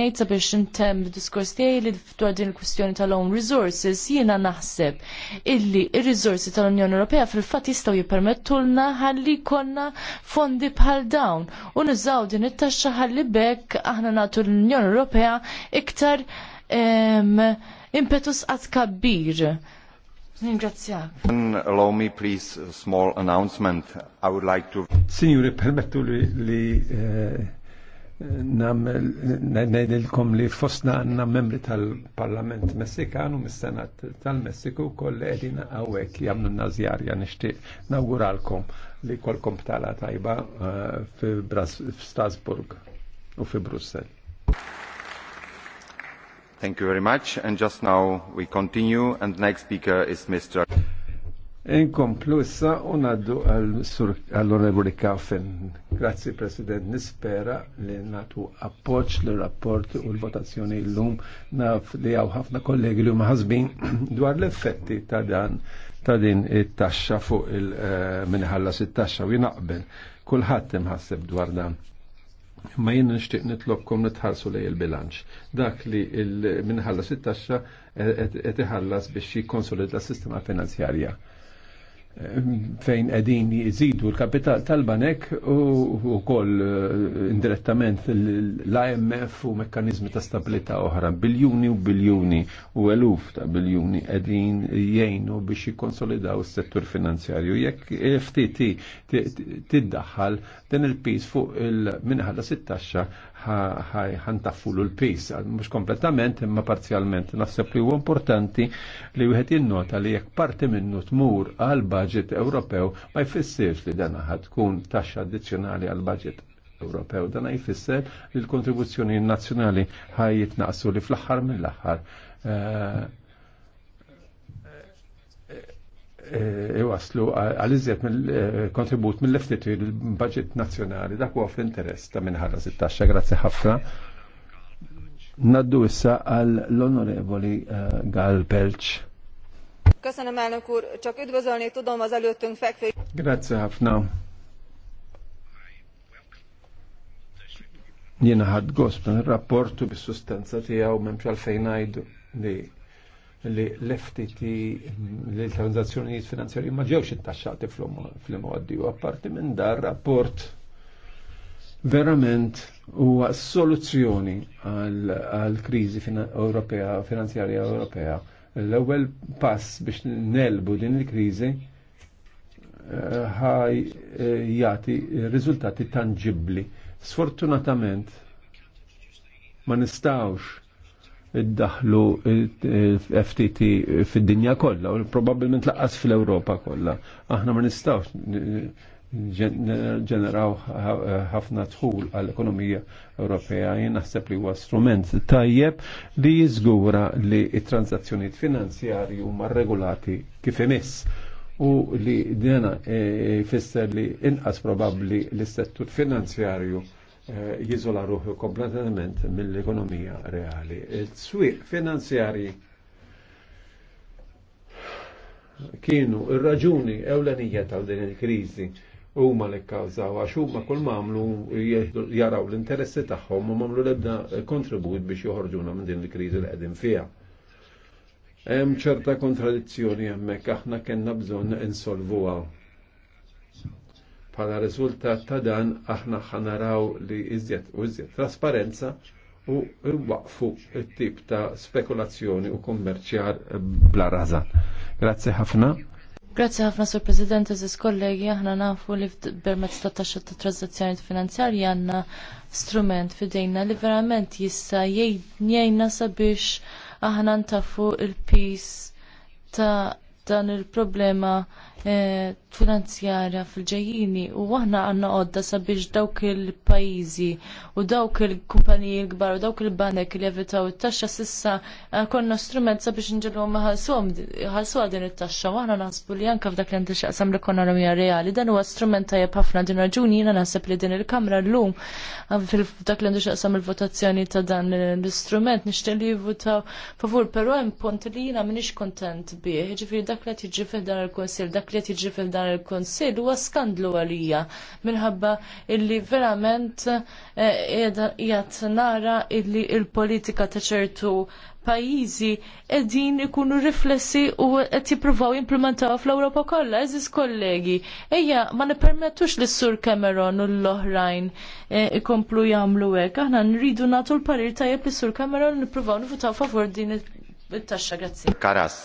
ngħid sabiex intemm diskors tiegħi li dwar din il-kwistjoni tal-own resources jiena naħseb illi ir-riżorsi tal-Unjoni Ewropea fil-fatt jistgħu jippermettulna ħalli konna fondi bħal dawn u nużaw din it-taxxa ħalli bekk aħna nagħtu l-Unjoni Ewropea iktar impetus qatt kabbir. Ningrazzjak. Allow me please a small announcement. I would like to Signore, permettu li, li uh Najdilkom li fosna għanna membri tal-Parlament Messikanu mis-Senat tal-Messiku koll edina għawek jamlu nazjarja nishtiq nawguralkom li kolkom tala tajba eh, fi Strasburg u fi Brussel. Thank you very much and just now we continue and the next speaker is Mr. Inkomplu issa unaddu għall-Onorevoli Kaffin. Grazzi President, nispera li natu appoċ l rapport u l-votazzjoni l-lum naf li għaw ħafna kollegi li huma ħasbin dwar l-effetti ta' dan ta' din it-taxxa fuq il-minħallas it-taxxa u jinaqbel. Kulħadd imħasseb dwar dan. Ma jien nixtieq nitlobkom nitħarsu lej il-bilanċ. Dak li minħallas it-taxxa qed iħallas biex jikkonsolida s-sistema finanzjarja fejn edin jizidu l-kapital tal-banek u koll eh, indirettament l-IMF u mekkanizmi ta' stabilita oħra, biljuni u biljuni u eluf ta' biljuni edin jgħinu biex jikonsolidaw s-settur finanzjarju. Jekk FTT tiddaħħal din il-pis fuq il-minħalla 16 ħantaffulu l-pis, mux kompletament imma parzialment. Naħseb li huwa importanti li wieħed jinnota li jekk parti minnu tmur għal budget Ewropew ma jfissirx li dan ħatkun tkun taxxa addizzjonali għal budget Ewropew. Dan jfisser li l-kontribuzzjoni nazzjonali ħaj jitnaqsu li fl-aħħar mill-aħħar eh, iwaslu għal-iżjed eh, kontribut mill-FTT il-budget nazjonali, dak huwa fl-interess ta' minnħarra 16, grazie ħafna. Naddu issa għall-onorevoli eh, Gal Pelċ. Köszönöm, elnök úr, csak üdvözölni tudom az előttünk fekvő. Grazie, Hafna. Jena ħad gosp, rapportu bis-sustanza tijaw memx għalfejn għajdu li li l-FTT li transazzjonijiet finanzjarji ma ġewx ittaxxati fl-imgħaddi u apparti minn dar rapport verament huwa soluzzjoni għal kriżi Ewropea finanzjarja Ewropea. L-ewwel pass biex nelbu din il-kriżi eh, ħaj eh, jagħti riżultati tangibbli. Sfortunatament ma nistawx iddaħlu FTT fid-dinja kollha u probabbilment laqqas fil-Ewropa kollha. Aħna ma nistgħux ġeneraw ħafna tħul għall-ekonomija Ewropea. Jien naħseb li huwa strument tajjeb li jiżgura li t-transazzjonijiet finanzjarji huma regolati kif imiss u li dena jfisser e, e, li inqas probabbli l istettur finanzjarju Eh, jizola ruħu kompletament mill-ekonomija reali. Il-swiq finanzjari kienu il raġuni ewlenija tal din il-krizi huma li kkawżaw għax huma kull mamlu jaraw l-interessi tagħhom u mamlu lebda kontribut biex joħorġuna minn din il-kriżi li qegħdin fiha. Hemm ċerta kontradizzjoni hemmhekk aħna kellna bżonn insolvuha Pala riżultat ta' dan aħna ħanaraw li iżjed u iżjed trasparenza u waqfu t-tip ta' spekulazzjoni u kummerċjar bla raza. Grazzi ħafna. Grazzi ħafna sur President, eżis kollegi, aħna nafu li permezz ta' taxxa ta' transazzjoni finanzjarja għandna strument fidejna li verament jista' jgħinna sabiex aħna ntafu il pis ta' dan il-problema eh, finanzjarja fil-ġejjini u aħna għandna għodda sabiex dawk il pajjiżi u dawk il-kumpaniji l-kbar u dawk il-banek li evitaw it-taxxa sissa eh, konna strument sabiex nġelu maħalsom għadin din it-taxxa u aħna naħsbu li anke f'dak li għandi xaqsam l-ekonomija reali dan huwa strument tajjeb ħafna din raġuni jiena naħseb li din il-kamra llum eh, f'dak li għandix għasam il-votazzjoni ta' dan l-istrument nixtieq li jivvutaw favur pero hemm punt li jiena minix kontent bih, ġifieri dak li tiġi fil-dar il-konsil, dak li tiġi fil-dar il-konsil huwa skandlu għalija minħabba illi verament jgħat eh, nara illi il-politika ta' ċertu pajizi edin ikunu riflessi u qed jippruvaw jimplementaw fl-Ewropa kollha, eżis kollegi. Ejja, ma nippermettux li sur Cameron u l-oħrajn eh, ikomplu jagħmlu hekk. Aħna nridu nagħtu l-parir tajjeb li sur Cameron nippruvaw nifutaw favur din it-taxxa, grazzi. Karas.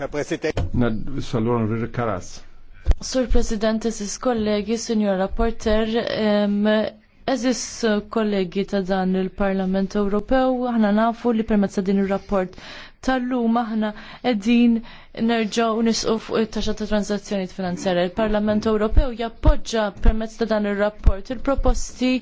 Sur President, is kollegi, Signor Rapporter, eżis kollegi ta' dan il-Parlament Ewropew, aħna nafu li permezz ta' din il-rapport tal-lum aħna edin nerġaw nisqu fuq it-taxxa ta' transazzjoni finanzjarja. Il-Parlament Ewropew jappoġġa permezz ta' dan ir rapport il-proposti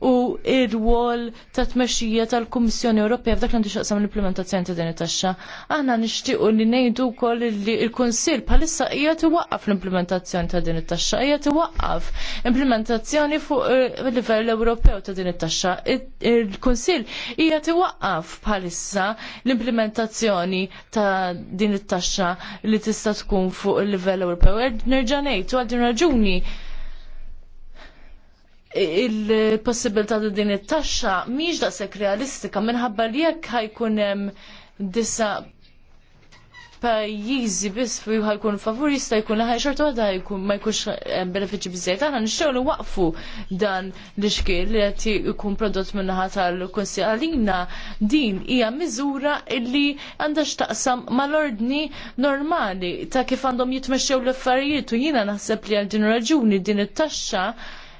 u ir-wol ta' tmexxija tal-Kummissjoni Ewropea f'dak li xaqsam l-implementazzjoni ta' din it-taxxa. Aħna nixtiequ li ngħidu wkoll li l-Kunsill bħalissa hija tiwaqqaf l-implementazzjoni ta' din it-taxxa, hija tiwaqqaf implementazzjoni fuq il eh, livell Ewropew ta' din it-taxxa. Il-Kunsill hija tiwaqqaf bħalissa l-implementazzjoni ta' din it-taxxa li tista' tkun fuq il-livell Ewropew. Er, nerġa' ngħid għal din raġuni il-possibilità ta' din it-taxxa mhix daqshekk realistika minħabba li jekk ħajkun hemm disa pajjiżi biss fi ħajkun favur jista' jkun laħaj xorta waħda jkun ma jkunx eh, benefiċċji biżejjed aħna nixtiegħu li waqfu dan l-ixkil li qed ikun prodott min-naħa tal-Kunsill għalina din hija miżura li għandha x'taqsam mal-ordni normali ta' kif għandhom jitmexxew l-affarijiet u jiena naħseb li għal din raġuni din it-taxxa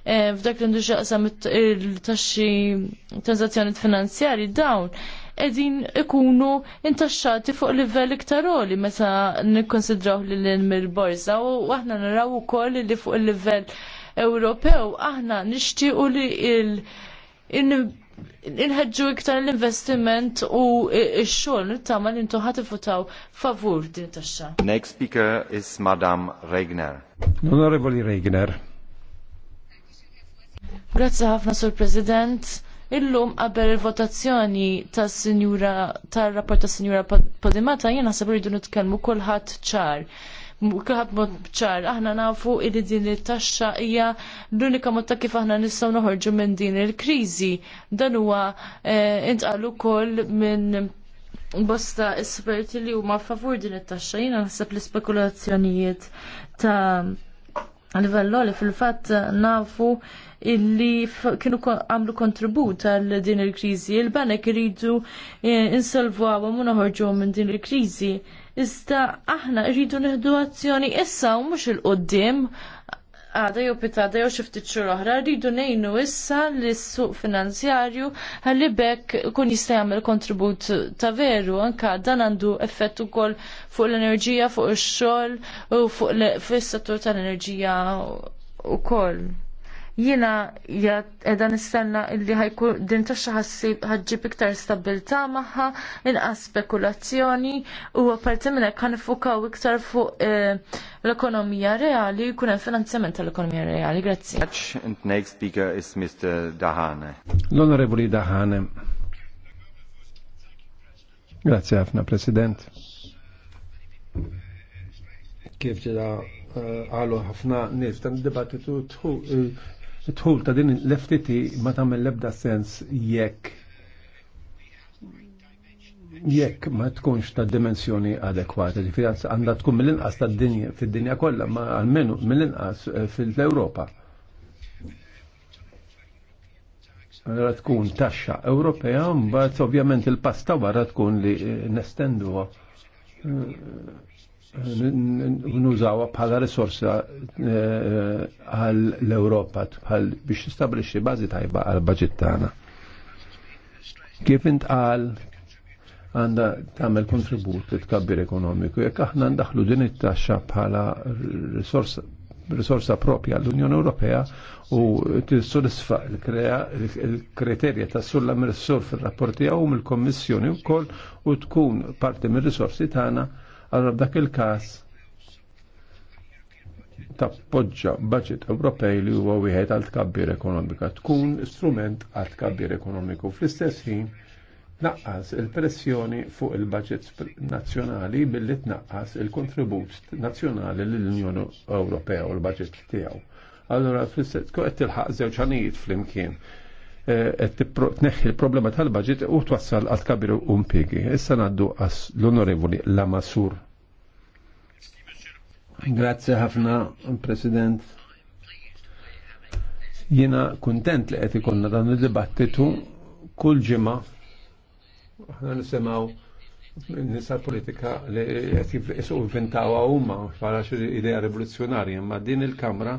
Eh, f'dak li ndux jaqsam il-taxxi transazzjoni finanzjari dawn edin ikunu intaxxati fuq livell iktar oli meta nikkonsidraw li l-borza u aħna naraw ukoll li fuq il-livell Ewropew aħna nixtiequ li il inħedġu iktar l-investiment u x-xogħol nittama li intu ħatifutaw favur din taxxa. Next speaker is Madam Regner. L-Onorevoli Regner. Grazzi ħafna sur President. Illum qabel il-votazzjoni tas sinjura tar-rapport tas sinjura Podimata jiena naħseb rridu nitkellmu kulħadd ċar. Kulħadd mod ċar, aħna nafu li din it-taxxa hija l-unika mod ta' kif aħna nistgħu noħorġu minn din il-kriżi. Dan huwa eh, intqal ukoll minn bosta esperti li huma favur din it-taxxa jiena naħseb l-ispekulazzjonijiet ta' livello lolli, fil-fatt nafu illi kienu għamlu kontribut għal din il-krizi. Il-banek kiridu eh, insolvu għawam u naħorġu minn din il-krizi. Iżda aħna rridu neħdu azzjoni issa u mux il-qoddim għada jew pitada jew xifti ċur oħra rridu ngħinu issa lis-suq finanzjarju ħalli bekk kun jista' jagħmel kontribut ta' veru anke dan għandu effett ukoll fuq l-enerġija, fuq ix-xogħol u fuq fis-settur tal-enerġija ukoll jina Jiena edha nistenna illi ħajkun din taxxa ħassib ħaġġib iktar stabilta maħħa inqas spekulazzjoni u apparti minn hekk ħanifukaw iktar fuq eh, l-ekonomija reali jkun finanzjament tal-ekonomija reali. Grazzi. And next speaker is Mr. Dahane. L-Onorevoli Dahane. Grazie ħafna, President. Kif ġeda eh, għalu ħafna nis, tan dibattitu tħu eh, tħul ta' din l-FTT ma tagħmel l-ebda sens jekk jekk ma tkunx ta' dimensjoni adekwata, ġifieri għandha tkun mill-inqas ta' dinja fid-dinja kollha, ma almenu mill-inqas eh, fil-Ewropa. Allora tkun taxxa Ewropea, mbagħad ovvjament il-pasta wara tkun li eh, nestenduha eh, nużawa bħala risorsa eh, għal l-Europa bħal biex nistabrixxi bażi tajba għal budget tagħna. Kif intqal għandha tagħmel kontribut li tkabbir ekonomiku jekk aħna ndaħlu din it-taxxa bħala risorsa propja l-Unjoni Ewropea u tissodisfa l-kriterja ta' sulla mir-sur fil-rapporti għu mill-Kommissjoni u kol u tkun parti mir-risorsi tagħna Allora dak il-każ tappoġġa budget Ewropej li huwa wieħed għal tkabbir ekonomika tkun strument għal tkabbir ekonomiku fl-istess ħin naqqas il-pressjoni fuq il-budget nazzjonali billi tnaqqas il-kontribut nazzjonali lill-Unjoni Ewropea u l-budget tiegħu. Allora fl-istess qed tilħaq żewġ ħanijiet flimkien tneħħi il-problema tal-budget u twassal għal kabir u mpiegi. Issa naddu l-onorevoli Lamassur. Grazie ħafna, President. Jena kontent li qed ikonna dan il-dibattitu kull ġimgħa aħna nisimgħu nisa politika li jisuq inventawa huma bħala xi idea rivoluzzjonarja, imma din il-Kamra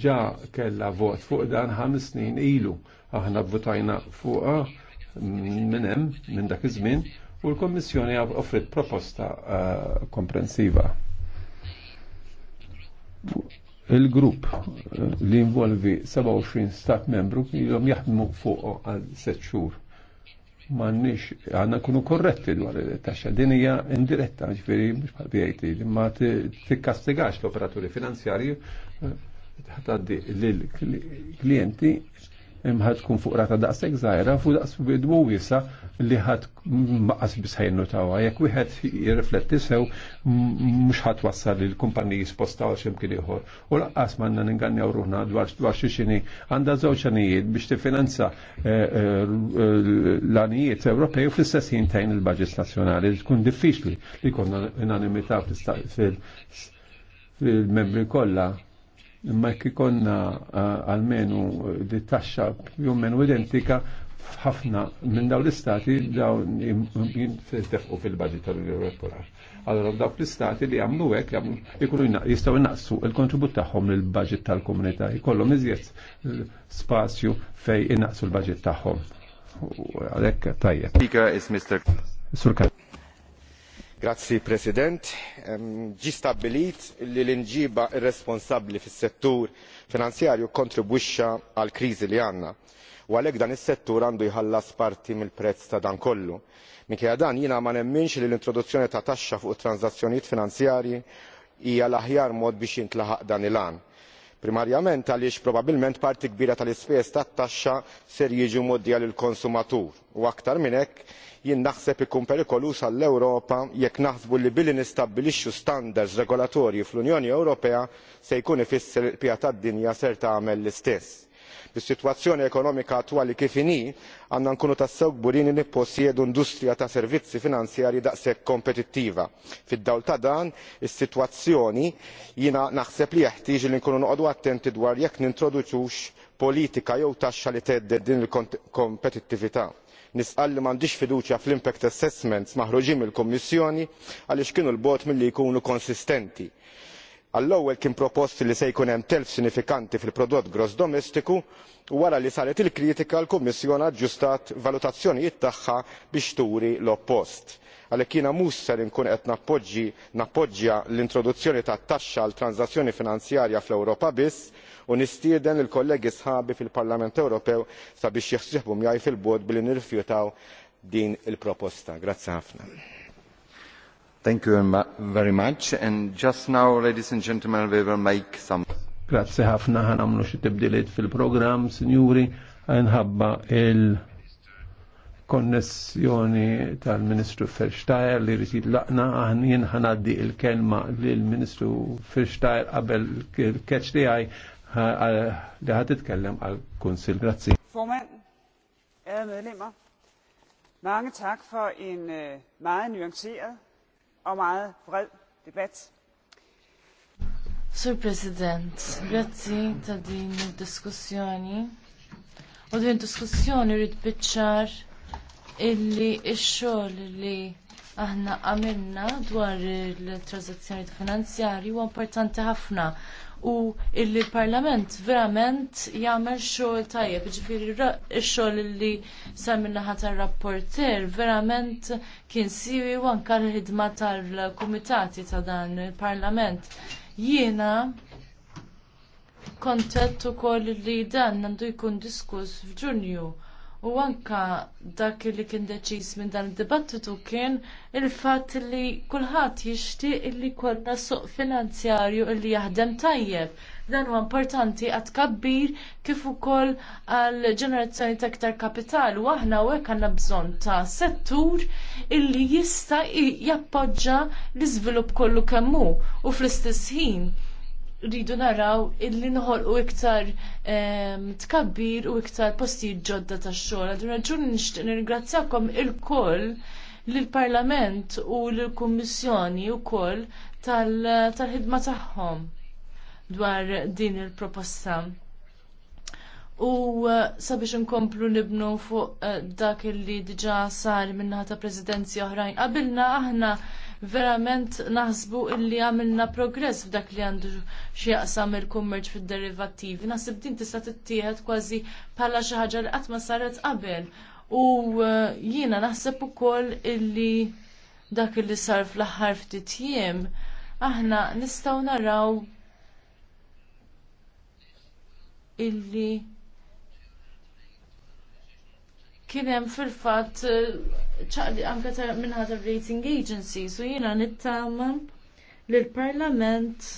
ġa kella vot fuq dan ħames snin ilu. Aħna votajna fuq minn hemm minn dak iż-żmien u l-Kommissjoni offrit proposta eh, komprensiva. Il-grupp eh, li involvi 27 stat membru ilhom jaħdmu fuq għal set xhur. M'għandniex għandna kunu korretti dwar il taxxa Din hija indiretta, ġifieri mhux bħal li ma tikkastigax l-operaturi finanzjarji eh, ħataddi l-klienti imħad tkun fuq rata daqseg zaħira fuq daqs bidwu wisa li ħad maqas bisħajnu tawa. Jek wieħed jirrifletti sew mux ħad wassal li l-kumpaniji spostaw ximkien ieħor. U laqqas manna ningannjaw ruħna dwar dwar xiexini għandha żewġ biex tifinanza l-anijiet Ewropej u fl-istess jintajn il-budget nazzjonali. Tkun diffiċli li konna unanimità fil-membri kollha imma jekk ikonna għalmenu eh, di taxxa jummen identika f'ħafna minn daw l-istati daw jintefqu fil-budget tal-Unjoni Ewropea. Allora daw l-istati li għamlu hekk jkunu jistgħu jnaqsu il-kontribut tagħhom lill-budget tal-komunità, jkollhom iżjed eh, spazju fej innaqsu l-budget tagħhom. Għalhekk tajjeb. Speaker is Mr. Sur Grazzi President, ehm, ġi stabbilit li l-inġiba irresponsabbli fis-settur finanzjarju kontribwixxa għall kriżi li għandna u għalhekk dan is-settur għandu jħallas parti mill-prezz ta' dan kollu. Minkejja dan jiena ma nemminx li l-introduzzjoni ta' taxxa fuq it transazzjonijiet finanzjarji hija l-aħjar mod biex jintlaħaq dan il għan primarjament għaliex probabbilment parti kbira tal ispejjeż tat-taxxa ser jiġu mgħoddija lill konsumatur u aktar minn hekk jien naħseb ikun perikoluż għall ewropa jekk naħsbu li billi nistabbilixxu standards regolatorji fl-unjoni ewropea se jkun ifisser il qbija tad-dinja ser tagħmel l istess bis-sitwazzjoni ekonomika attwali kif inhi għandna nkunu tassew kburin li nipposjedu industrija ta' servizzi finanzjarji daqshekk kompetittiva. fid-dawl ta' dan is-sitwazzjoni jiena naħseb li jeħtieġ li nkunu noqogħdu attenti dwar jekk nintroduċux politika jew taxxa li thedded din il-kompetittività nisqal li m'għandix fiduċja fl-impact assessments maħruġin mill-kummissjoni għaliex kienu l bogħod milli jkunu konsistenti għall-ewwel kien propost li se jkun hemm telf sinifikanti fil-prodott gross domestiku u wara li saret il kritika l-kummissjoni aġġustat valutazzjonijiet tagħha biex turi l-oppost għalhekk jiena mhux ser inkun qed nappoġġja l-introduzzjoni tat-taxxa għal transazzjoni finanzjarja fl-ewropa biss u nistieden lill kollegi sħabi fil-parlament ewropew sabiex jaħsieħbu miegħi fil bogħod billi nirrifjutaw din il proposta. Thank you very much. And just now, ladies and gentlemen, we will make some... Grazie ħafna ħan għamlu xie tibdiliet fil-program, signori, ħabba il-konnessjoni tal-Ministru Ferstajer li rritid laqna għan jien għaddi il-kelma l-Ministru Ferstajer għabel il keċ li għaj li ħat titkellem għal konsil Grazie. Forman, ærede medlemmer, mange tak for en øh, meget nuanceret og meget bred debat. Sur President, grazie ta' din id diskussjoni. U din id diskussjoni rrid biċċar illi x-xogħol li aħna għamilna dwar il-transazzjoni finanzjari huwa importanti ħafna u illi l-Parlament verament jagħmel xogħol tajjeb, ġifieri x-xogħol li sar naħa tar-rapporter verament kien siwi u anke l-ħidma tal-kumitati ta' dan il-Parlament. Jiena kontet ukoll li dan għandu jkun diskuss f'Ġunju U anka dak li kien deċiż minn dan id-dibattitu kien il-fatt li kulħadd jixtieq li kollha suq finanzjarju li jaħdem tajjeb. Dan huwa importanti għad kabbir kif ukoll għal ġenerazzjoni ta' iktar kapital u aħna hekk għandna bżonn ta' settur illi jista' jappoġġa l-iżvilupp kollu kemm hu u fl-istess ħin rridu naraw illi nħolqu iktar ehm, tkabbir u iktar postijiet ġodda tax xogħol. Għadu raġuni nixtieq nirgrazzjakom il-koll lill-Parlament u lill-Kummissjoni wkoll tal-ħidma tagħhom dwar din il-proposta. U eh, sabiex inkomplu nibnu fuq eh, dak illi diġà sar min-naħa ta' prezidenzi oħrajn. Qabilna aħna verament naħsbu illi għamilna progress f'dak li għandu xieqsam il-kummerċ fil-derivativi. Naħseb din tista' tittieħed kważi bħala xi ħaġa li qatt ma saret qabel. U uh, jiena naħseb ukoll illi dak li sar fl-aħħar ftit jiem aħna nistgħu naraw illi kienem fil-fat eh, ċaqli anka minnħat rating agency, so jina nittama li l-parlament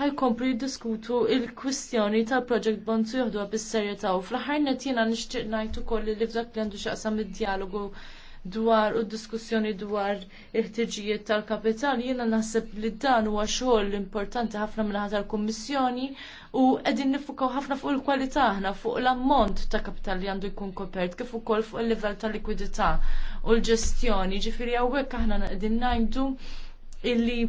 ħajkomplu jiddiskutu il-kwistjoni ta' Project Bond su jihdu għab serjetà u fl-ħarnet jina nishtiq najtu kolli li f'dak li għandu xaqsam id-dialogu dwar u diskussjoni dwar il-ħtiġijiet tal-kapital, jiena naħseb li dan huwa xogħol importanti ħafna minn tal-Kummissjoni u qegħdin nifukaw ħafna fuq il-kwalità aħna fuq l-ammont ta' kapital li għandu jkun kopert kif ukoll fuq il-livell ta' likwidità u l-ġestjoni. Ġifieri hawnhekk aħna qegħdin ngħidu illi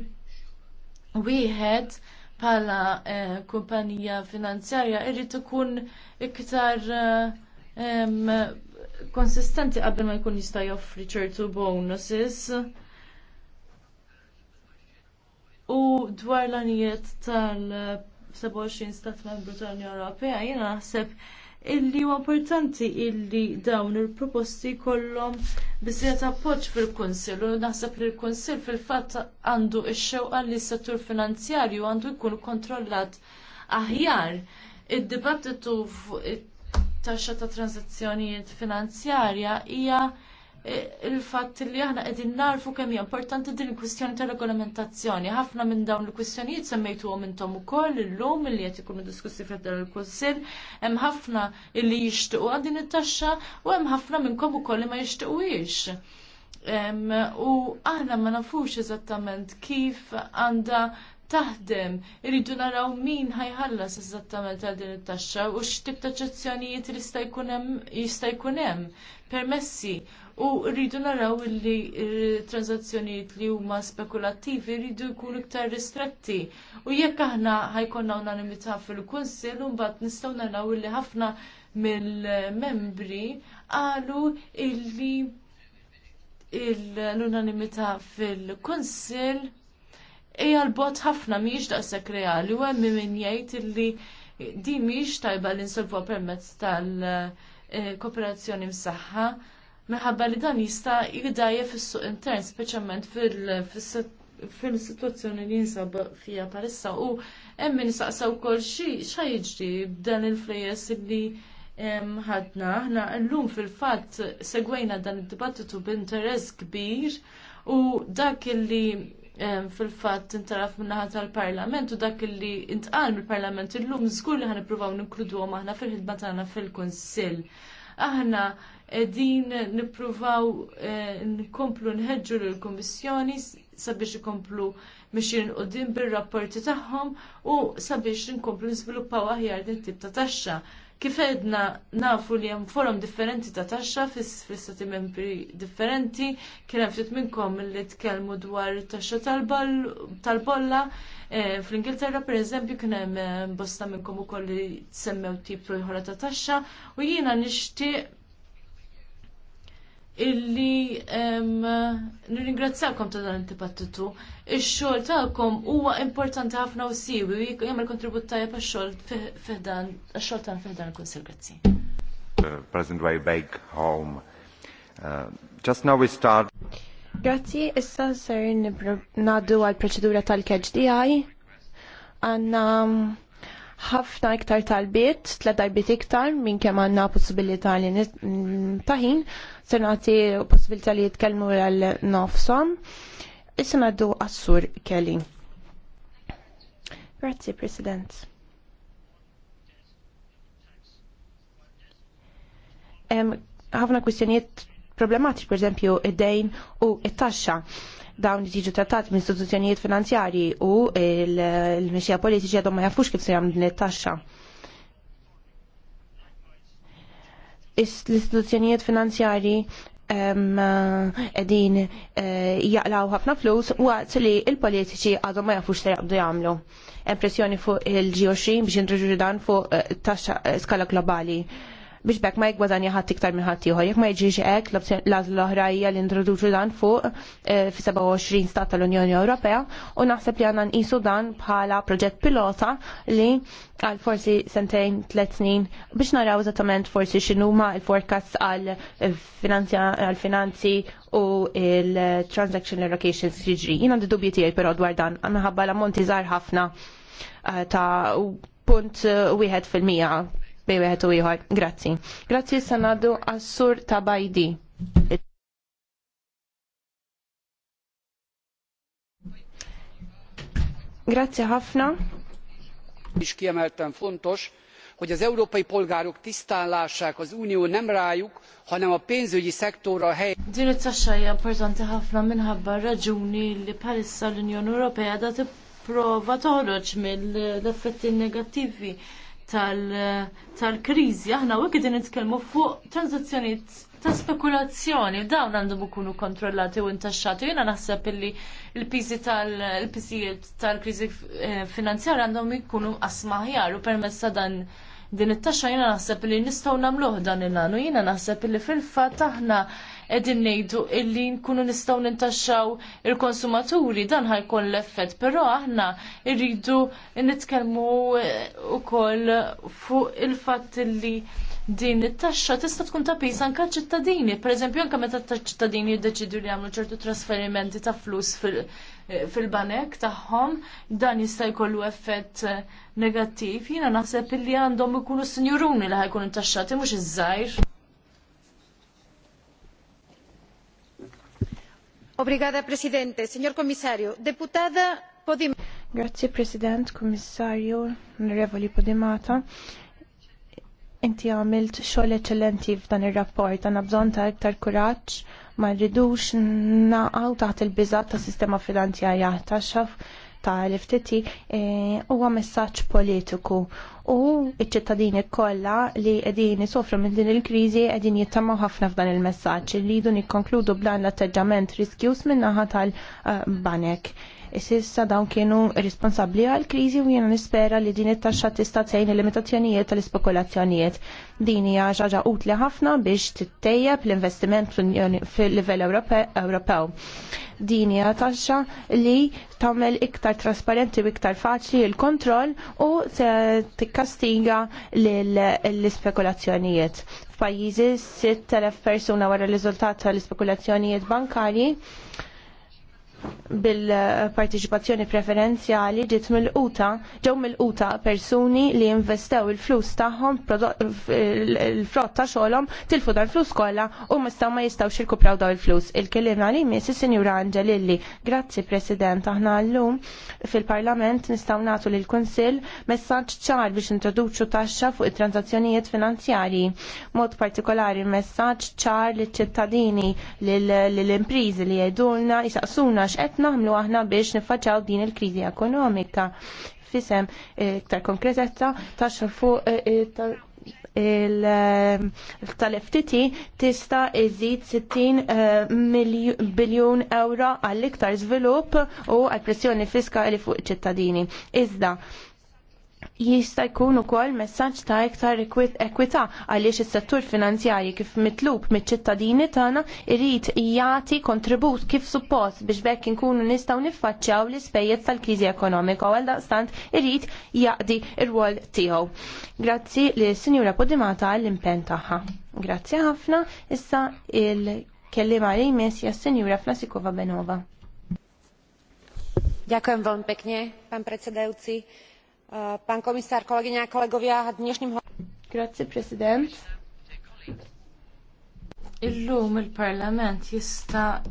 wieħed bħala eh, kumpanija finanzjarja irrid ikun iktar eh, konsistenti qabel ma jkun jista' joffri ċertu bonuses. U dwar l-anijiet tal-27 stat membru tal-Unjoni Ewropea jiena naħseb illi huwa importanti illi dawn il-proposti kollhom biżjed appoġġ fil-Kunsill u naħseb li l-Kunsill fil-fatt għandu x-xewqa li s-settur finanzjarju għandu jkun kontrollat aħjar. Id-dibattitu taxxa ta' tranzazzjonijiet finanzjarja hija e, il-fatt li aħna qegħdin narfu kemm hija importanti din il-kwistjoni ta' regolamentazzjoni. Ħafna minn dawn il-kwistjonijiet semmejtuhom intom ukoll illum li qed ikunu diskussi fid-dan il hemm ħafna li jixtiequ din it-taxxa u hemm ħafna minnkom ukoll li ma jixtiequx. U aħna ma nafux eżattament kif għandha taħdem, irridu naraw min ħajħallas eżattament għal din it-taxxa u x'tip ta' ċezzjonijiet jista' jkun hemm permessi u rridu naraw li transazzjonijiet li huma spekulattivi rridu jkunu iktar ristretti u jekk aħna ħajkonna unanimità fil-kunsill u mbagħad nistgħu naraw li ħafna mill-membri qalu illi l-unanimità fil-kunsill hija l-bot ħafna mhijiex daqseg reali u għemmi min jgħid illi di miex tajba li nsolvuha permezz tal-kooperazzjoni msaħħa minħabba li dan jista' jgdajja fis-suq intern speċjalment fil-sitwazzjoni li jinsab fija palissa u hemm nisaqsaw kol xi jiġri b'dan il-flejes li ħadna, ħna l-lum fil-fat segwejna dan id-dibattitu b'interess kbir u dak li fil-fatt intaraf minnaħat tal-parlament u dak li intqal mill-parlament illum żgur li ħanippruvaw ninkludu aħna fil-ħidma tagħna fil-kunsill. Aħna din nippruvaw eh, nkomplu nħeġġu lill-Kummissjoni sabiex ikomplu mixin din bir-rapporti tagħhom u sabiex nkomplu niżviluppaw aħjar din tip ta' taxxa. Kif edna nafu li hemm forum differenti ta' taxxa fis sati membri differenti, kien hemm ftit minnkom li tkellmu dwar taxxa tal-bolla. Eh, Fl-Ingilterra pereżempju kien hemm eh, bosta minnkom ukoll li semmew tip ieħor ta' taxxa u jiena nixtieq illi nirringrazzawkom ta' dan il-dibattitu. Ix-xogħol tagħkom huwa importanti ħafna u siwi u jagħmel kontribut tajjeb għax-xogħol fiħdan għax-xogħol tagħna fiħdan il-Kunsill Grazzi. Uh, President Way back home. Uh, just now we start. Grazzi, issa ser nibru naddu għal proċedura tal-KHDI. Għanna ħafna iktar talbiet, tla darbiet iktar minn kemm għandna possibilità li taħin, se nagħti possibilità li jitkellmu għal nofsom. Issa ngħaddu għas-sur Kelly. Grazzi, President. Ħafna kwistjonijiet problematiċi, per id-dejn u it-taxxa dawn li tiġu trattati minn istituzzjonijiet finanzjarji u l mixija politiċi għadhom ma jafux kif se jagħmlu din it-taxxa. L-istituzzjonijiet finanzjarji edin eh, jaqlaw ħafna flus waqt li il-politiċi għadhom ma jafux se jaqbdu jagħmlu. Impressjoni fuq il g biex jindruġu dan fuq eh, taxxa eh, skala globali biex bekk ma jgwadani ħadd iktar minn ħadd ieħor. Jekk ma jiġix hekk l-għażla oħra hija li introduċu dan fuq eh, fi 27 stat tal-Unjoni Ewropea u naħseb li għandna nqisu dan bħala proġett pilota li għal forsi sentejn tliet snin biex naraw eżattament forsi x'inhuma l-forecast għal finanzi u il-transaction allocation jiġri. Jien għandi dubji tiegħi però dwar dan minħabba l-ammonti żgħar ħafna eh, ta' punt eh, wieħed fil-mija bej wieħed u ieħor. Grazzi. Grazzi sanadu għas-sur ta' Bajdi. Grazzi ħafna. Bix kiemelten fontos, hogy az európai polgárok tisztán lássák, az unió nem rájuk, hanem a pénzügyi szektorra hely. Din it-taxxajja importanti ħafna minħabba raġuni li palissa l-Unjoni Europea da te prova toħroċ mill-effetti negativi tal-kriżi, aħna u għedin nitkellmu fuq tranzazzjonijiet ta' spekulazzjoni, dawn għandhom ikunu kontrollati u intaxxati. Jiena naħseb illi l-pisi tal-pisijiet tal-kriżi eh, finanzjarja għandhom ikunu asmaħjar u permezz ta' dan din it-taxxa jiena naħseb li nistgħu nagħmluh dan il-għanu, jiena naħseb illi fil-fatt aħna qegħdin ngħidu illi nkunu nistgħu nintaxxaw il-konsumaturi dan ħajkun l-effett, però aħna rridu nitkellmu eh, koll fuq il-fatt illi din it-taxxa tista' tkun ta' pis anke ċittadini. Pereżempju anke meta ċittadini jiddeċidu li jagħmlu ċertu trasferimenti ta' flus fil- eh, fil-banek tagħhom dan jista' jkollu effett eh, negattiv. Jiena naħseb illi għandhom ikunu sinjuruni li ħajkunu taxxati mhux iż-żgħir. Obrigada, Presidente. Signor Commissario, deputada Podimata. Grazie, President, Commissario, Onorevoli Podimata. Inti għamilt xogħol eċċellenti f'dan ir-rapport, għandna bżonn ta' iktar kuraġġ ma rridux naqgħu taħt il biża tas sistema finanzjarja ta' xaf l ftt e, huwa messaġġ politiku u iċ-ċittadini kollha li qegħdin isofru minn din il-kriżi qegħdin jittamaw ħafna f'dan il-messaġġ li jridu nikkonkludu b'dan l-atteġġament riskjus min-naħa tal-banek. E, S'issa dawn kienu responsabbli għal kriżi u jiena nispera li din it-taxxa tista' tgħin il-limitazzjonijiet tal-ispekulazzjonijiet. Din hija ħaġa utli ħafna biex tittejjeb l-investiment fil-livell Ewropew. Din hija taxxa li tagħmel iktar trasparenti u iktar faċli l-kontroll u tikkastiga l-ispekulazzjonijiet. F'pajjiżi 6,000 persuna wara r-riżultat tal-ispekulazzjonijiet bankarji bil-partiċipazzjoni preferenzjali ġiet mill-quta ġew mill-quta persuni li investew il-flus tagħhom il-frott ta' xogħolhom tilfu dan flus kollha u mistgħu ma jistgħux jirkupraw daw il-flus. il għal Miss, is Sinjura Angelilli. Grazzi President, aħna llum fil-Parlament nistgħu nagħtu lil kunsill messaġġ ċar biex introduċu taxxa fuq it-transazzjonijiet finanzjarji. Mod partikolari messaġġ ċar liċ ċittadini lill impriżi li jgħidulna jisaqsuna qed naħmlu aħna biex nifaċċaw din il-kriżi ekonomika. Fisem eh, iktar konkretezza tax fuq eh, eh, tal-FTT tista' iżid 60 biljun euro għall-iktar żvilupp u għall pressjoni fiskali fuq iċ-ċittadini. Iżda, jista' jkun ukoll messaġġ ta' iktar ekwità għaliex is-settur finanzjarji kif mitlub miċ-ċittadini tagħna irid jagħti kontribut kif suppost biex bekk inkunu nistgħu niffaċċjaw l-ispejjeż tal-kriżi ekonomika u għaldaqstant irid jaqdi r-rwol tiegħu. Grazzi li sinjura Podimata għall-impenn tagħha. Grazzi ħafna, issa il-kellima li jmiss sinjura Flasikova Benova. Ďakujem veľmi pekne, pán predsedajúci Pan Grazie, President. Illum il-Parlament jista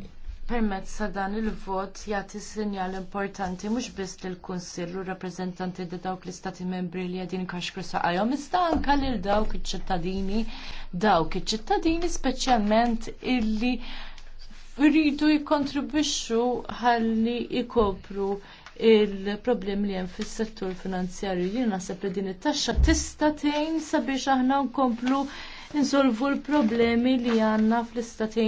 permezz ta' dan il-vot jagħti sinjal importanti mhux biss lill kunsill u rappreżentanti ta' dawk l-istati membri li qegħdin kaxkru saqajhom, iżda anke lil dawk iċ-ċittadini, dawk iċ-ċittadini speċjalment illi rridu jikkontribwixxu ħalli ikopru il-problem li hemm fis-settur finanzjarju. Jien naħseb li din it-taxxa tista' tgħin sabiex aħna nkomplu insolvu l-problemi li għandna fl-istati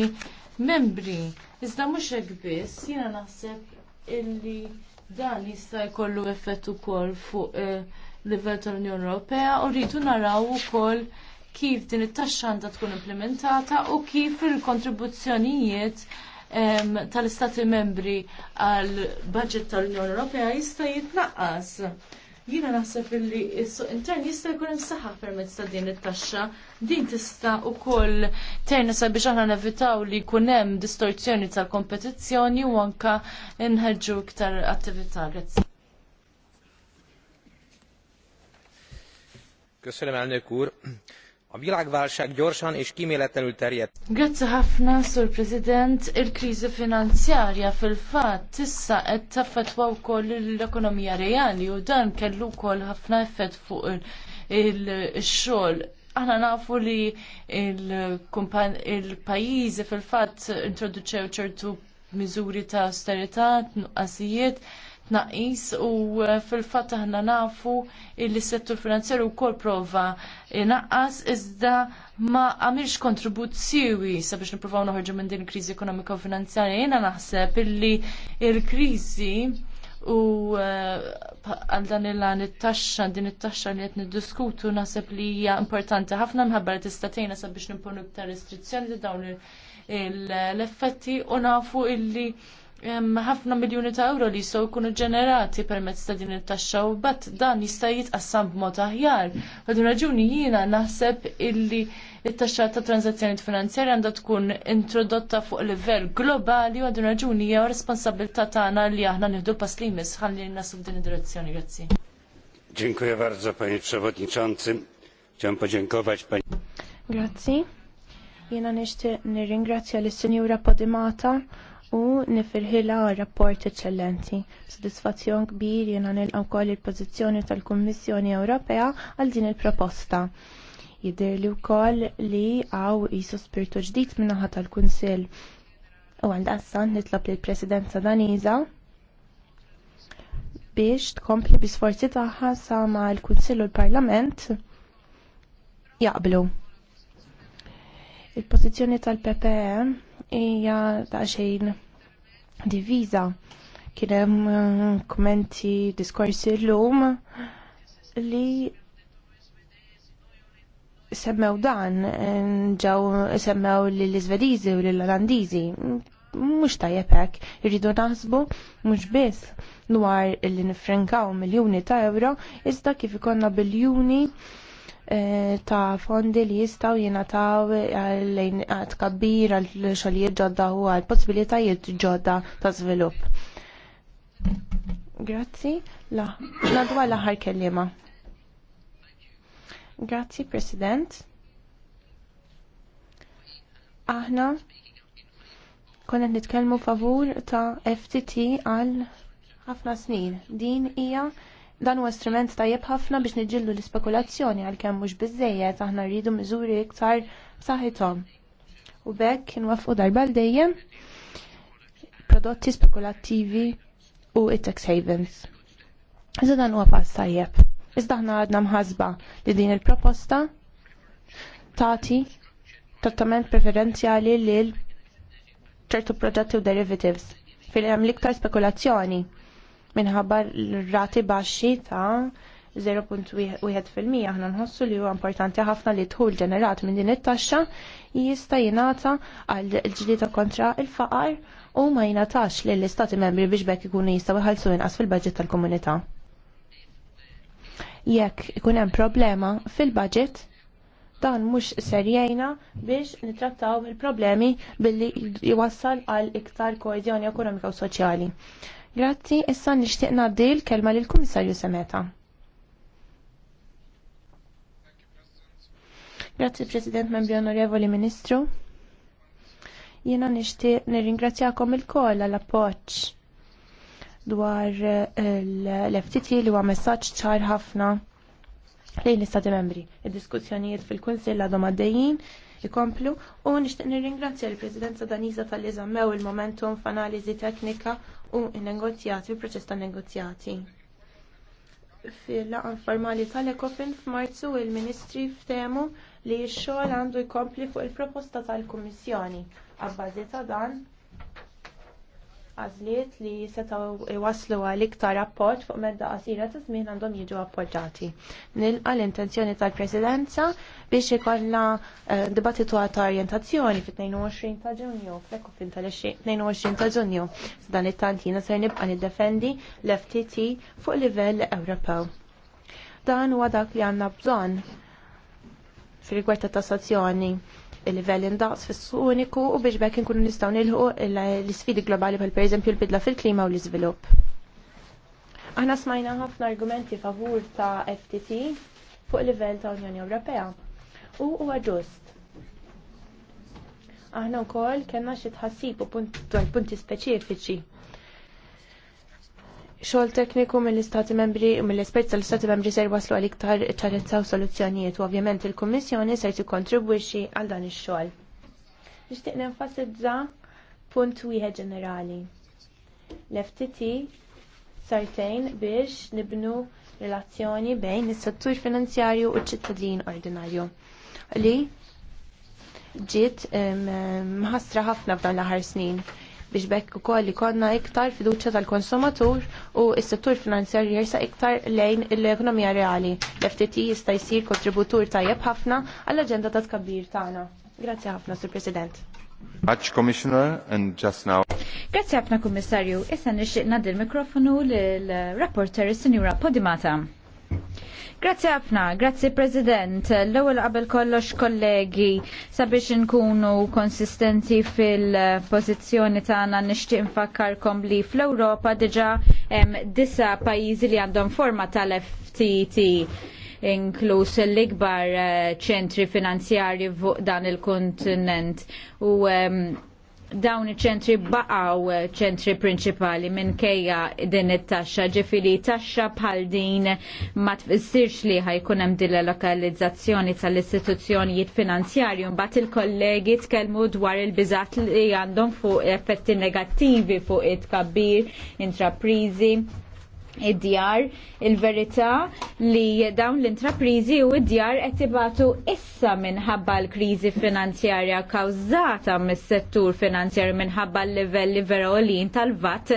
membri. Iżda mhux hekk biss, jiena naħseb illi dan jista' jkollu effett ukoll fuq eh, livell tal-Unjoni Ewropea u rridu naraw ukoll kif din it-taxxa għandha tkun implementata u kif il-kontribuzzjonijiet tal-Istati membri għal budget tal-Unjoni Ewropea jista' jitnaqqas. Jiena naħseb illi s-suq intern jista' jkun imsaħħa permezz ta' din it-taxxa. Din tista' wkoll terna sabiex aħna nevitaw li jkun hemm distorzjoni tal-kompetizzjoni u anke nħeġġu iktar attività. Grazzi. Köszönöm, elnök úr! A világválság gyorsan és kíméletlenül terjedt. Grazzi ħafna, Sur President, il-kriżi finanzjarja fil-fatt tissa qed taffettwa wkoll l-ekonomija reali u dan kellu wkoll ħafna effett fuq il-xogħol. Aħna nafu li il-pajjiżi fil-fatt introduċew ċertu miżuri ta' austerità, nuqqasijiet tnaqis u eh, fil-fatt aħna nafu li settur u wkoll prova naqas iżda ma għamilx kontribut sabiex nippruvaw noħorġu minn din il-kriżi ekonomika u finanzjarja. Jiena naħseb illi il-kriżi u eh, għal dan il-għan it-taxxa, din it-taxxa li qed niddiskutu naħseb li hija importanti ħafna mħabba li tista' tgħinna sabiex nimponu iktar restrizzjoni dawn l effetti u nafu illi ħafna miljoni ta' euro li jistgħu jkunu ġenerati permezz ta' din it-taxxa u bat dan jista' jitqassam b'mod aħjar. Għadu raġuni jiena naħseb illi it-taxxa ta' tranzazzjoni finanzjarja għandha tkun introdotta fuq livell globali u għadun raġuni hija responsabilità tagħna li aħna nieħdu pass li jmiss ħalli naslu f'din id-direzzjoni. Grazzi. Dziękuję bardzo panie przewodniczący. Chciałem podziękować pani. Grazie. Jena nishtiq nirringrazzja l-Sinjura Podimata u nifirħila rapport eċċellenti. Sodisfazzjon kbir jiena nilqa' wkoll il-pożizzjoni tal-Kummissjoni Ewropea għal din il-proposta. Jidher li wkoll li għaw jisu spirtu ġdid min-naħa tal-Kunsill. U għal daqsan nitlob lill presidenza Daniża biex tkompli bi sforzi tagħha sa ma l-Kunsill u l-Parlament jaqblu. Il-pożizzjoni tal-PPM hija daqsxejn diviża. Kien hemm eh, kummenti diskorsi llum li semmew dan, eh, ġew semmew li l-Iżvediżi u l-Olandiżi. Mhux tajjeb hekk, irridu naħsbu mhux biss dwar li nifrenkaw miljuni ta' euro, iżda kif ikonna biljuni Eh, ta' fondi li jistaw jenataw eh, lejn eh, tkabbir għal xogħlijiet ġodda u għal possibilitajiet ġodda ta' żvilupp. Grazzi, la, nadwa l-aħħar kellima. Grazzi, President. Aħna konet nitkellmu favur ta' FTT għal ħafna snin. Din hija Dan huwa strument tajjeb ħafna biex niġillu l-ispekulazzjoni għalkemm mhux biżejjed aħna rridu miżuri iktar b'saħħithom. U bekk inwaffqu darba l dejjem prodotti spekulattivi u it-tax havens. Iżda dan huwa pass tajjeb. Iżda aħna għadna mħasba li din il-proposta tagħti trattament preferenzjali lil ċertu proġetti u derivatives fil-hemm l-iktar spekulazzjoni minħabba rati baxxi ta' 0.1% aħna nħossu li huwa importanti ħafna li dħul ġenerat minn din it-taxxa jista' jingħata għal ġlieda kontra il-faqar u ma jingħatax lill istati membri biex bekk ikunu jistgħu jħallsu inqas fil-baġġett tal-komunità. Jekk ikun hemm problema fil-baġġett, dan mhux serjejna biex nitrattaw il-problemi billi jwassal għal iktar koeżjoni ekonomika u soċjali. Grazzi, issa nixtieq ngħaddi l-kelma lill kummissarju Semeta. Grazzi President Membri Onorevoli Ministru. Jiena nixtieq nirringrazzjakom il-koll għall appoġġ dwar eh, l-FTT li huwa messaġġ ċar ħafna lejn l-Istati Membri. Id-diskussjonijiet fil-Kunsill għadhom għaddejjin ikomplu u nixtieq nirringrazzja l-Presidenza Daniża tal-li żammew il-momentum f'analiżi teknika u n-negozjati fil-proċess ta' negozjati. fil laqgħa formali tal-Ekofin f'Marzu il-Ministri ftemu li x-xogħol għandu jkompli fuq il-proposta tal-Kummissjoni. Abbażi ta' dan, għazliet li setgħu iwaslu għal iktar rapport fuq medda qasira ta' żmien għandhom jiġu appoġġati. Nilqa l-intenzjoni tal-Presidenza biex ikollna eh, dibattitu ta' orjentazzjoni fit-22 ta' Ġunju, flekku fin tal-22 ta' Ġunju. Dan it tantina jiena ser nibqa' niddefendi l-FTT fuq livell Ewropew. Dan huwa dak li għandna bżonn fil-rigward ta' tassazzjoni il-livell indaqs fis-suq uniku u biex bekk inkunu nistgħu nilħu l-isfidi globali bħal pereżempju l-bidla fil-klima u l-iżvilupp. Aħna smajna ħafna argumenti favur ta' FTT fuq livell ta' Unjoni Ewropea. U huwa ġust. Aħna wkoll kellna xi tħassib u punti speċifiċi xogħol tekniku mill-Istati Membri u mill-esperti tal-Istati Membri se jwaslu għal iktar ċarezza u soluzzjonijiet u ovvjament il-Kummissjoni se tikkontribwixxi għal dan ix-xogħol. Nixtieq nenfasizza punt wieħed ġenerali. L-FTT sartejn biex nibnu relazzjoni bejn is-settur finanzjarju u ċ-ċittadin ordinarju li ġiet mħassra ħafna f'dan l-aħħar snin biex bekk ukoll ikonna iktar fiduċja tal-konsumatur u s-settur finanzjarju jersa iktar lejn l-ekonomija reali. L-FTT jista' jsir kontributur tajjeb ħafna għall-aġenda ta' tkabbir tagħna. Grazzi ħafna, Sur President. Much Commissioner and just now. Grazzi ħafna Kummissarju. Issa nixtieq ngħaddi l-mikrofonu lill-rapporter is-Sinjura Podimata. Grazzi Afna, grazie President. L-ewwel qabel kollox kollegi sabiex inkunu konsistenti fil-pożizzjoni tagħna nixtieq infakkarkom li fl-Ewropa diġà hemm disa pajjiżi li għandhom forma tal-FTT inkluż l-ikbar ċentri finanzjarji fuq dan il-kontinent u um, dawn iċ-ċentri baqgħu ċentri prinċipali minkejja din it-taxxa, ġifiri taxxa bħal din ma tfissirx li ħajkun hemm din lokalizzazzjoni tal-istituzzjonijiet finanzjarji mbagħad il-kollegi tkellmu dwar il-biżat li għandhom fuq effetti negattivi fuq it-kabbir, intraprizi id-djar il-verità li dawn l-intraprizi u id-djar qed ibatu issa minħabba l-kriżi finanzjarja kawzata mis-settur finanzjarju minħabba l-livelli vera olin tal-vat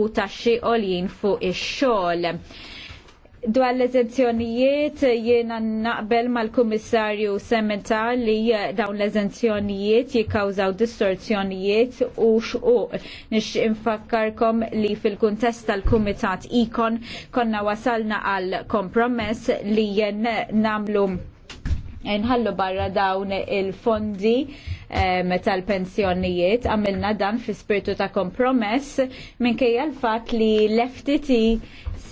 u taxxi olin fuq ix-xogħol. Dwar l-eżenzjonijiet jiena naqbel mal-Kummissarju Sementa li dawn l-eżenzjonijiet jikkawżaw distorzjonijiet u xquq. Nix infakkarkom li fil-kuntest tal-Kumitat Ikon konna wasalna għal kompromess li jien namlu nħallu barra dawn il-fondi eh, tal-pensjonijiet għamilna dan fi spiritu ta' kompromess minkejja l-fat li l-FTT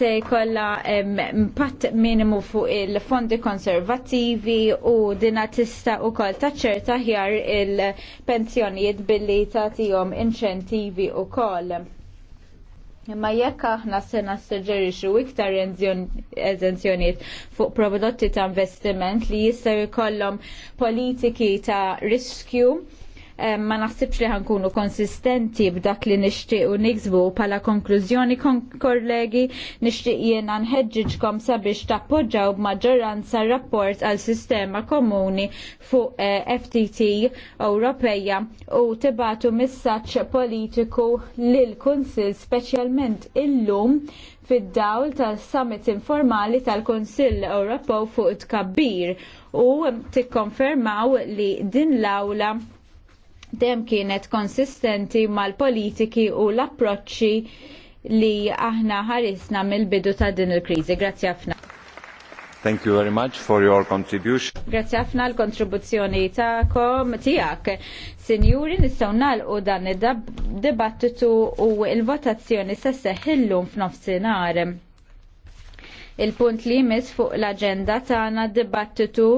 se kolla impatt minimu fuq il-fondi konservativi u dina tista u kol ċerta ħjar il-pensjonijiet billi tijom inċentivi u kol. Imma jekk aħna se nassuġġerixxu iktar eżenzjonijiet fuq prodotti ta' investiment li jistgħu jkollhom politiki ta' riskju ma naħsibx li ħankunu konsistenti b'dak li nixtieq u niksbu pala konklużjoni kollegi nixtieq jiena nħeġġiġkom sabiex tappoġġaw b'maġġoranza rapport għal sistema komuni fuq eh, FTT Ewropeja u tibatu missaġġ politiku lil kunsil speċjalment illum fid-dawl tas-summit informali tal-Kunsill Ewropew fuq it tkabbir u tikkonfermaw li din l-awla dem kienet konsistenti mal-politiki u l-approċċi li aħna ħarisna mill-bidu ta' din il-kriżi. Grazzi ħafna. Thank you very much for your contribution. Grazzi ħafna l-kontribuzzjoni ta'kom tiegħek. Sinjuri nistgħu nagħlqu dan id-dibattitu u l-votazzjoni se seħħillum f'nofsinhar. Il-punt li jmiss fuq l-aġenda tagħna dibattitu